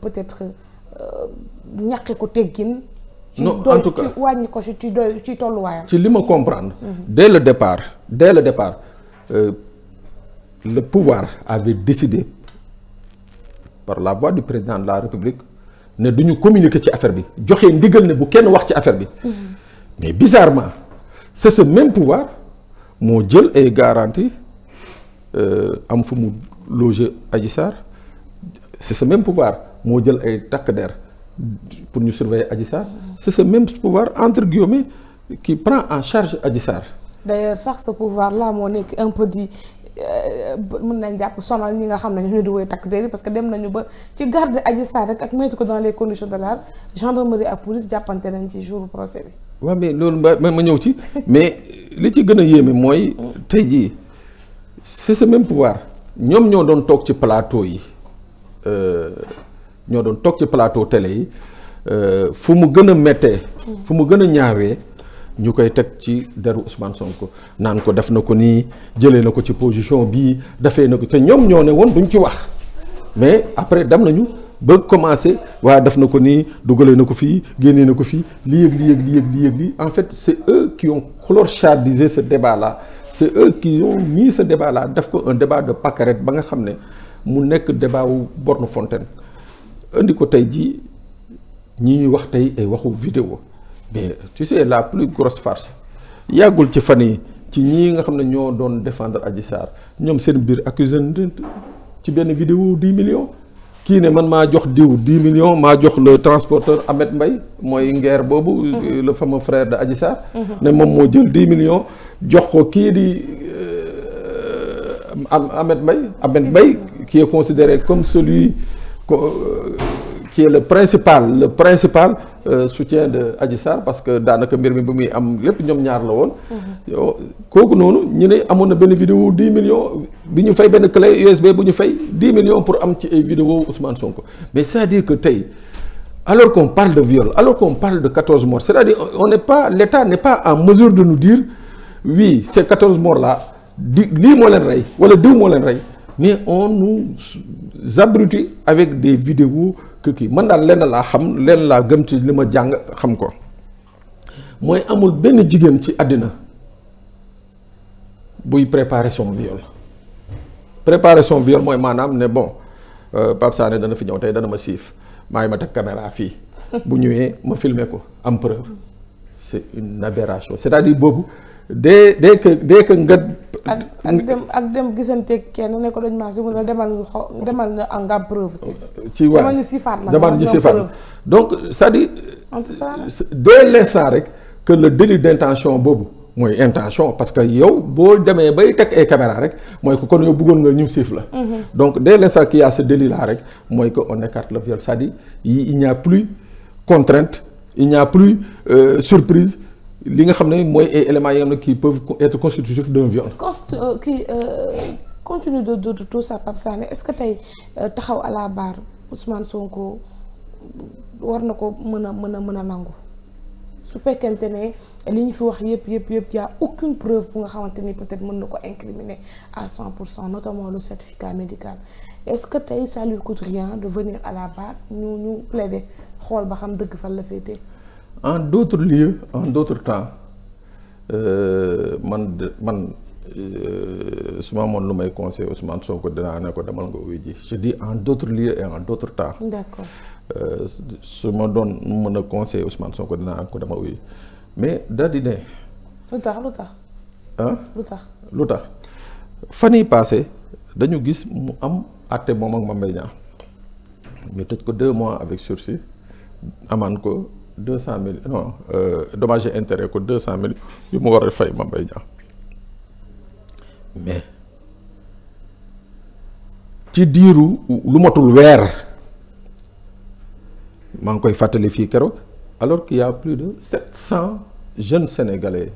peut-être euh, ñàkke ko teggin. non en tout cas ci wàññi ko ci ci doy ci tolluwaayam. ci li ma comprendre. Mhm. dès le départ dès le départ euh, pouvoir avait décidé par la voix du président de la République ne duñu communiqué ci affaire bi joxe ndigal ne bu kenn wax ci affaire bi. Mhm. mais bizarrement c'est ce même pouvoir moo jël ay garantie euh, am fu mu loger Adji c'est ce même pouvoir. moo jël ay takk der pour ñu surveiller Adji Sarr c'est ce même pouvoir entre guillemets qui prend en charge Adji Sarr d'ailleurs sax ce pouvoir la moo nekk un peu di euh, mën nañ jàpp sonal ñi nga xam ne ñu di woy takk der yi parce que dem nañu ba ci garde Adji Sarr rek ak mettre ko dans les conditions de l'art gendarmerie ak police jàppante nañ ci jour procès bi waaw mais loolu ma ma ñëw ci mais li ci gën a yéeme mooy tey jii c'est ce même pouvoir ñoom ñoo doon toog ci plateau yi euh, ñoo doon toog ci plateau télé yi euh, fu mu gën a méttee fu mu gën a ñaawee ñu koy teg ci deru son ko naan ko def na ko nii jëlee na ko ci position bii defee na ko te ñoom ñoo ne woon duñ ci wax mais après dem nañu ba commencé waa def na ko nii dugalee na ko fii génnee na ko fii lii yëg lii yëg lii yëg lii en fait c'est eux qui ont sa ce débat là c'est eux qui ont mis ce débat def ko un débat de pâquerette ba nga xam ne mu nekk débat wu borne indi ko tey jii ñi ñuy wax tey ay waxu vidéo mais tu sais la plus grosse farce yàggul ci fan yi ci ñii nga xam ne ñoo doon defendre Adji Sarr ñoom seen biir accusé ci benn vidéo 10 millions kii ne man maa jox diw 10 millions maa jox le transporteur Ahmed mbay mooy ngeer boobu mhm. le fameux frère de Adji Sarr mhm. ne moom moo jël 10 millions jox ko kii di euh, Ahmed Mbaye Ahmed Mbaye qui est considéré comme celui Euh, qui est le principal le principal euh, soutien de Adji Sarr parce que daanaka mbir mi bu muy am lépp ñoom ñaar la woon. Mhm. kooku noonu ñu ne amoon na benn vidéo 10 millions bi ñu fay benn clé USB bu ñu fay 10 millions pour am ci ay vidéo Ousmane Sonko mais c'est-à-dire que tey alors qu'on parle de viol alors qu'on parle de 14 morts c'est-à-dire on n'est pas l'État n'est pas en mesure de nous dire oui ces 14 morts là di lii moo leen rey wala diw moo leen rey. mais on nous abrutit avec des vidéos que kii man daal lenn laa xam lenn laa gëm ci li ma jàng xam ko mooy amul benn jigéen ci àddina buy préparer son viol préparer mooy maanaam ne bon euh, Pape dana fi ñëw tey dana ma siif maay ma teg caméra fii bu ñëwee ma filmer ko am preuve c'est une aberration c'est-à-dire boobu dès dès que dès que nga ak ak dem ak dem gisanteeg kenn nekk ko dañ maa su ma demal demal na nga am preuve. Euh, ci waay demal ñu sifaat la donc c'est-à-dire. en tout cas dès l'instant rek que le délit d'intention boobu mooy intention parce que yow boo demee bay teg ay caméra rek mooy que kon yow bëggoon nga ñu siif la. Mhm. donc dès l'instant qu'il y a ce délit rek mooy que on écarte le viol c'est-à-dire il n'y a plus contrainte il n'y plus euh, surprise. li nga xam ne mooy ay éléments yi nga xam ne qui peuvent être constitutifs d'un viol. const euh, euh, de tout ça Pape Sané est-ce que tey euh, taxaw à la barre Ousmane Sonko war na ko mën a mën a mën a nangu su fekkente ne li ñu fi wax yëpp yëpp yëpp y a aucune preuve bu nga xamante ni peut-être mën na ko incriminer à 100 pour cent notamment le certificat médical est-ce que tey ça lui coûte de venir à la barre ñu ñu plaider xool ba xam dëgg fan la féetee. en d'autres lieux en d'autres temps euh, man de man euh, su ma amoon lu may conseil Ousmane Sonko dinaa ne ko demal nga wuy ji je dis en d'autres lieux et en d'autres temps. Euh, su ma doon mën a conseil Ousmane Sonko dinaa ko dama wuy mais daal di ne. lu tax lu tax. ah lu tax lu tax fan yii passé dañu gis mu am àtte moom ak Mame Mbaye ñu tëj ko deux mois avec sursis amaan ko. deux cent mille non euh, dommage et intérêt ko deux cent mille yu mu war a fay Mame Mbaye Niang mais ci diiru lumatul matul weer maa ngi koy fàttali fii keroog alors qu'il y a plus de sept cent jeunes sénégalais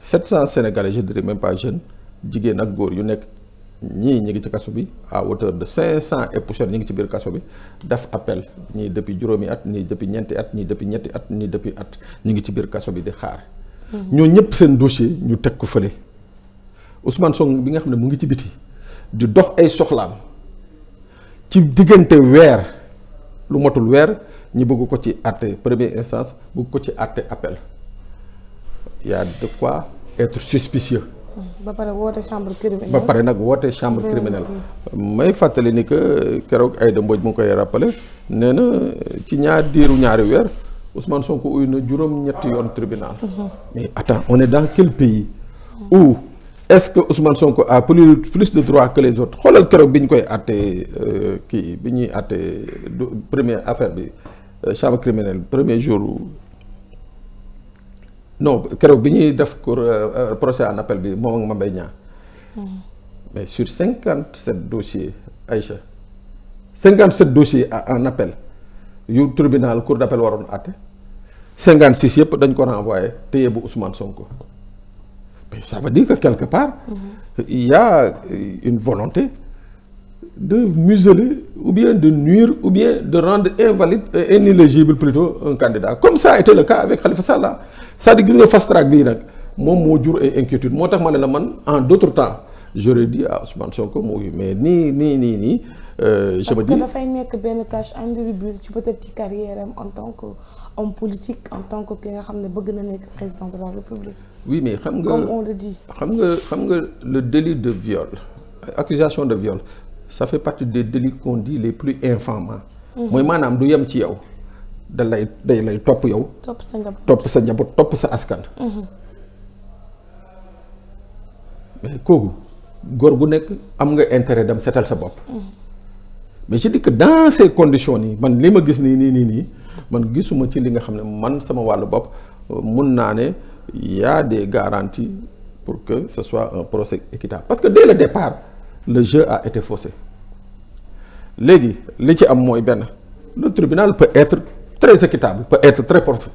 sept cent sénégalais je dirais même pas jeunes jigéen ak góor yu nekk ñii ñu ngi ci kaso bi à hauteur de cinq cent et poussière ñi ngi ci biir kaso bi def appel ñii depuis juróomi at ñii depuis ñeenti at ñii depuis ñetti at ñii depuis at ñi ngi ci biir kaso bi di xaar. Mm-hmm. ñoo ñëpp seen dossier ñu teg ko fële Ousmane Sonko bi nga xam ne mu ngi ci biti di dox ay soxlaam ci diggante weer lu motul weer ñi bëgg ko ci àtte première instance bëgg ko ci àtte appel y a de quoi être suspicieux. ba pare woote chambre criminelle ba pare nag woote chambre criminelle may fàttali ni que keroog Aïda Mbodj mu ngi koy rappelé nee na ci ñaar diiru ñaari weer Ousmane Sonko uyu na juróom-ñetti yoon tribunal. Mhm. mais attends on est dans quel pays. où est-ce que Ousmane Sonko a plus plus de droits que les autres xoolal keroog bi ñu koy àttee euh, kii bi ñuy àttee première affaire bi euh, chambre criminelle premier jour. non keroog bi ñuy def cour euh, procès en appel bi moom ak ma Mbaye Niang mm-hmm. mais sur cinquante sept dossiers Aïcha cinquante sept dossiers en appel yu tribunal cour d'appel waroon àtte cinquante six yëpp dañ ko renvoyé téye bu Ousmane Sonko mais ça veut dire que quelque part mm-hmm. il une volonté de museler ou bien de nuire ou bien de rendre invalide et inéligible plutôt un candidat comme ça a été le cas avec Khalifa Sall ah. cest à gis nga fast track bii nag moom moo jur ay inquiétude moo tax ma ne la man en d'autres temps j'aurais dit à Ousmane Sonko mooy mais nii nii nii nii. Euh, je me dis dafay nekk benn tache tâche indélébile ci peut-être ci carrière am en tant que homme politique en tant que ki nga xam ne bëgg na nekk président de la République. oui mais xam nga on le dit. xam nga xam nga le délit de viol accusation de viol ça fait partie des délits qu'on dit les plus infamants mhm. mooy maanaam du yem ci yow da lay day lay topp yow topp sa njaboot topp sa njaboot topp sa askan mhm. kooku góor gu nekk am nga intérêt dem setal sa bopp mhm. mais je dis que dans ces conditions nii man li ma gis nii nii nii nii man gisuma ci li nga xam ne man sama wàllu bopp euh, mun naa ne y a des garanties pour que ce soit un procès équitable parce que dès le départ le jeu a été faussé léegi li ci am mooy benn le tribunal peut être très équitable peut être très prof,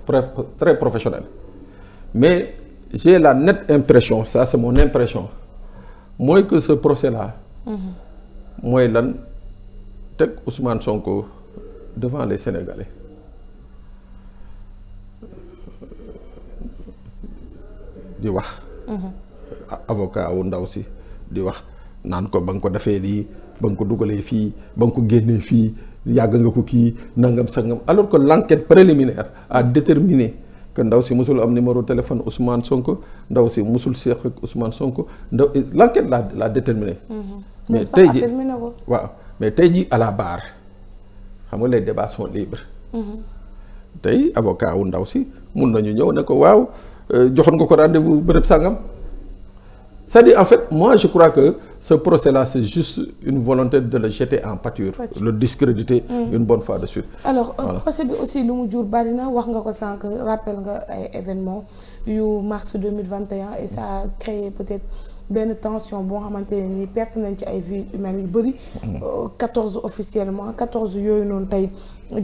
professionnel mais j'ai la nette impression ça c'est mon impression mooy que ce procès là mm-hmm. mooy lan teg Ousmane Sonko devant les Sénégalais di wax mm-hmm. avocat wu ndaw si di wax naan ko ba nga ko defee lii ba nga ko dugalee fii ba nga ko génnee fii yàgg nga ko kii nangam sangam alors que l'enquête préliminaire a déterminé que ndaw si musul am numéro téléphone Ousmane si musul seq ak Ousmane Sonko ndaw la la déterminé. Mm-hmm. mais tey ji waaw mais tey ji à la nga les débats sont libres. Mm-hmm. tey si mun nañu ñëw ne ko waaw euh, joxoon nga ko rendez-vous bërëb sangam. C'est-à-dire, en fait, moi, je crois que ce procès-là, c'est juste une volonté de le jeter en pâture, le discréditer mmh. une bonne fois de suite. Alors, euh, voilà. procès bi aussi lu mu jur bari na wax nga ko sànq rappel nga ay événements yu mars 2021 et ça a peut-être benn tension boo xamante ne nii perte nañ ci ay vies humaines yu bëri. 14 mm. euh, officiellement 14 yooyu noonu tey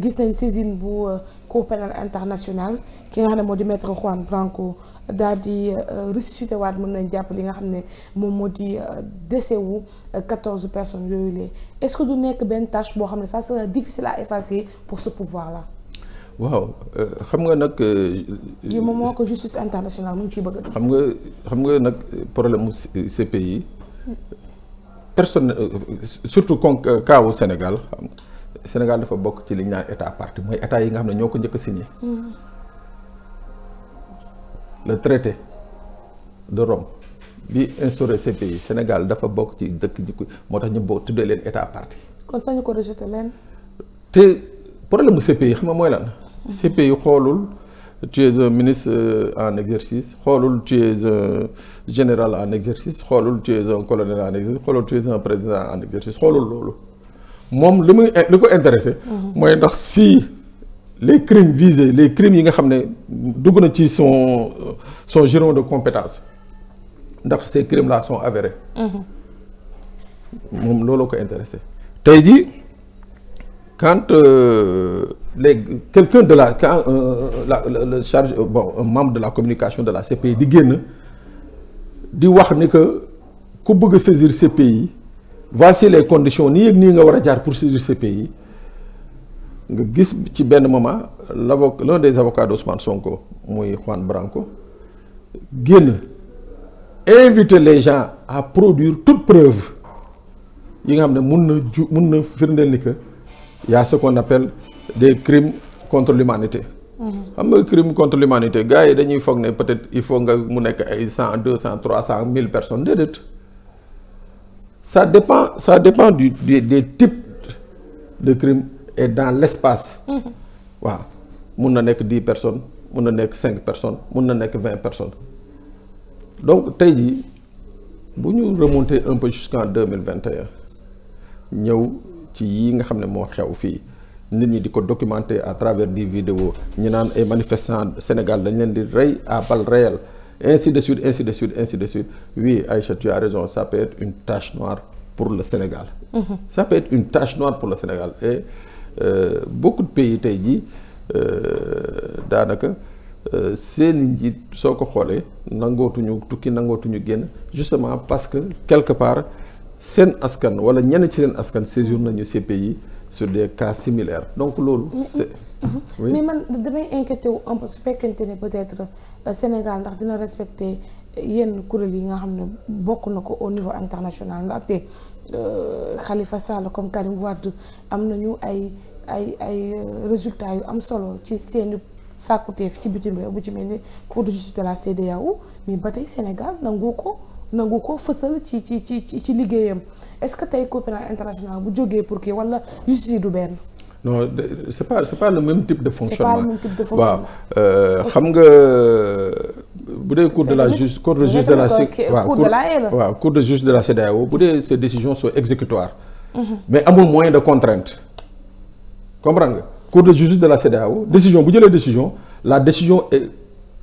gis nañ saisine bu euh, Cour pénale internationale ki nga xam ne moo di maître Juan Branco. daal di euh, ressuscité waat mën nañ jàpp li nga xam ne moom moo di euh, décès wu euh, quatorze personnes yooyu lee est-ce que du nekk benn tâche boo xam ne ça sera difficile à effacer pour ce pouvoir la waaw xam nga nag. lii moom moo ko justice internationale mu ngi ciy nga xam nga nag problème mu CPI personne surtout kon cas wu Sénégal Sénégal dafa bokk ci li ñu naan état partie mooy état yi nga xam ne ñoo ko njëkk a signé. Mm-hmm. le traité de Rome bi instauré ces pays Sénégal dafa bokk ci dëkk ji moo tax ñu bokk tuddee leen état partie. kon sañu ko rejeté te problème mu CPI xam nga mooy lan. CPI xoolul tu es un ministre euh, en exercice xoolul tu es un général en exercice xoolul tu es un colonel en exercice xoolul tu président en exercice xoolul loolu moom li muy li ko intéressé. Mhm. mooy ndax si. les crimes visés les crimes yi nga xam ne dugg na ci son euh, son giron de compétence ndax ces crimes là sont avérés. Mm-hmm. moom looloo ko intéressé tey jii quand euh, les quelqu'un de la quand euh, la le charge euh, bon un membre de la communication de la CPI di génn di wax ni que ku bëgg a saisir yi voici les conditions nii ak nii nga war a jaar pour saisir yi nga gis ci benn moment l'avocat l'un des avocats d'Ousmane Sonko muy Juan Branco génn inviter les gens à produire toute preuve yi nga xam ne mun na ju mun na firndeel ni que y a ce qu'on des crimes contre l'humanité mm-hmm. xam nga crime contre l'humanité gars yi dañuy foog ne peut-être il faut nga mu nekk ay cent deux cent trois cent mille personnes déedéet ça dépend ça dépend du des, des types de crimes et dans l'espace mm-hmm. waaw mun na nekk dix personnes mun na nekk cinq personnes mun na nekk vingt personnes donc tey jii bu ñu remonter un peu jusqu'en deux mille vingt ñëw ci yi nga xam ne moo xew fii nit ñi di ko documenter à travers di vidéos ñu naan ay manifestant Sénégal dañ leen di rey à balles réelles ainsi de suite insi de suite insi de suite oui Aïcha tu as raison ça peut être une tache noire pour le Sénégal. Mmh. ça peut une tache noire pour le Sénégal Euh, beaucoup de pays tey jii euh, daanaka euh, seeni njiit soo ko xoolee nangootuñu tukki nangootuñu génn justement parce que quelque part seen askan wala ñenn ci seen askan séjour nañu ces pays su des cas similaires donc loolu c'est mhm. mais man damay inquiété wu un su fekkente ne peut-être Sénégal ndax dina respecte yenn kuréel yi nga xam ne bokk na ko au niveau international ndaxte xalifa euh, Sall comme Karim Wade am nañu ay ay ay euh, résultats yu am solo ci seeni sàkkuteef ci bitim réew bu ci mel ni Cour la CEDEAO mais ba tey Sénégal nangu ko nangu ko fësal ci ci ci ci liggéeyam est-ce que tey coopération internationale bu jógee pour kii walla justice du benn. non c'est pas c'est pas le même type de fonctionnement. c'est pas le waaw euh, xam nga. bu dee cour de la juge cour de juge de la waaw waaw cour de juge de la CEDEAO bu dee ces décisions sont exécutoires mhm. mais amul moyen de contrainte comprendre nga cour de justice de la CEDEAO décision bu jëlee décision la décision est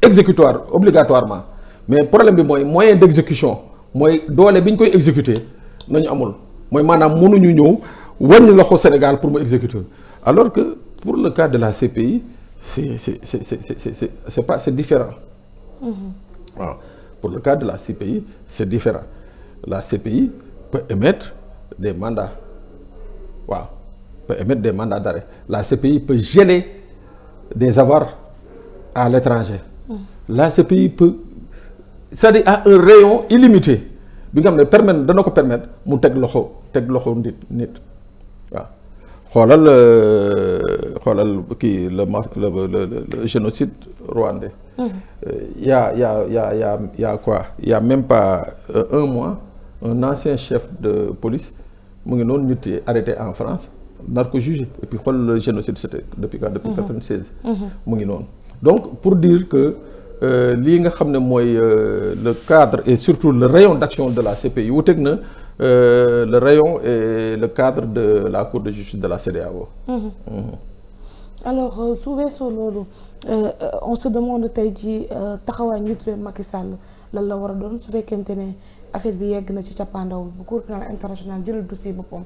exécutoire obligatoirement mais problème bi mooy moyen d' exécution mooy doole bi ñu koy exécuter nañu amul mooy maanaam mënuñu ñëw wàññi loxo Sénégal pour mu exécuter alors que pour le cas de la CPI c'est c'est c'est c'est c'est c'est pas c'est différent Mm-hmm. waaw pour le cas de la CPI c'est différent la CPI peut émettre des mandats waaw peut émettre des mandats d'arrêt la CPI peut geler des avoirs à l'étranger mm-hmm. la CPI peut c'est-à-dire à un rayon illimité bi nga xam ne permettre dana ko permettre mu teg loxo teg loxo nit nit waaw xoolal euh, xoolal kii le mas le le génocide rwandais. Mhm. Euh, y a y a y a y a quoi y même pas euh, un mois un ancien chef de police mu ngi noonu ñu téye en France nar ko jugé et xool le génocide c'était depuis quoi depuis mhm. Mhm. mu ngi noonu donc pour dire que lii nga xam ne mooy le cadre et surtout le rayon d'action de la CPI wuteeg na. euh, le rayon et le cadre de la Cour de justice de la CEDEAO. Mhm. Mhm. alors euh, su weesoo loolu euh, on se demande tey ci euh, taxawaay njiitu réew Macky Sall lan la war a doon su fekkente ne affaire bi yegg na ci cappaandaw bu Cour pénale internationale jëlal dossier boppam en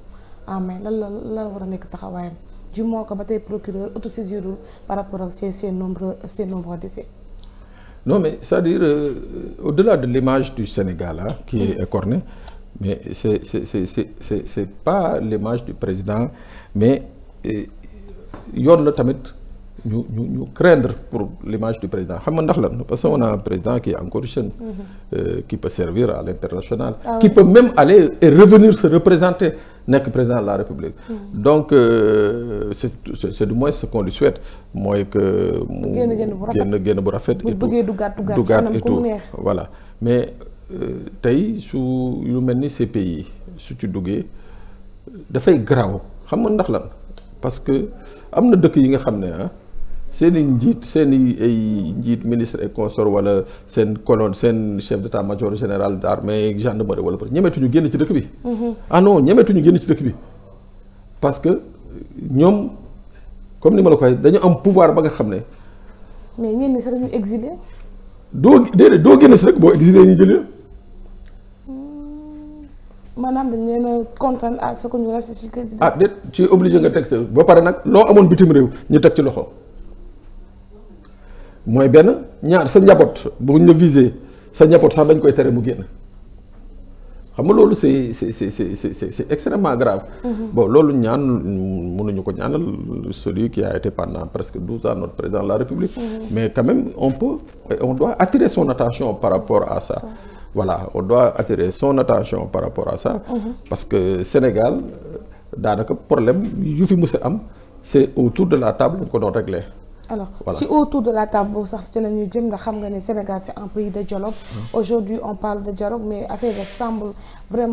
ah, main lan la lan la war a nekk taxawaayam ji ko ba tey procureur autosaisirul par rapport ak seen seen nombre seen nombre décès non mais cest dire euh, de l'image du Sénégal ah qui mais c'est c'est c'est c'est c'est pas l'image du président mais yoon la tamit ñu ñu ñu craindre pour l'image du président xam nga ndax la parce que on a un président qui est encore jeune. Mm-hmm. Euh, qui peut servir à l'international. Ah qui peut même aller et revenir se représenter nekk président de la République. Mm-hmm. donc euh, c'est c'est du moins ce qu'on lui souhaite mooy que. mu génn génn bu rafet génn génn bu rafet. et tout du gàtt du gàtt et tout voilà mais. Euh, tey su yu mel ni CPI su ci duggee dafay garaaw xam nga ndax lan parce que am na dëkk yi nga xam ne ah seen i njiit seen i ay njiit ministre et consort wala seen colonne seen chef d'état major général d'armée gendarmerie wala ñemetuñu génn ci dëkk bi. Mm-hmm. ah non ñemetuñu génn ci dëkk bi parce que ñoom comme ni ma dañu am pouvoir ba nga xam ne. mais ñenn sax dañu exilé. doo déedéet doo génn si rek boo exilé ñu jëlee. maanaam dañ leen a contraindre à ah, sa que ñu reste ci kër gi. ah déet ci obligé nga teg sa ba pare nag loo amoon bitim réew ñu teg ci loxo mooy benn ñaar sa njaboot bu ñu la sa njaboot sax dañ koy tere mu génn. xam nga loolu c'est c'est c'est c'est extrêmement grave. Mm-hmm. bon loolu ñaan mënuñu ko ñaanal celui qui a été pendant presque douze ans notre président de la République. Mm-hmm. mais quand même on peut on doit attirer son attention par rapport à ça. voilà on doit attirer son attention par rapport à ça. Mm-hmm. parce que Sénégal daanaka problème yu fi mës a am c'est autour de la table ñu ko doon régler. alors si autour de la table boobu sax ci la ñuy jëm nga xam nga ne Sénégal c'est un pays de dialogue mmh. aujourd'hui on parle de dialogue mais affaire semble vraiment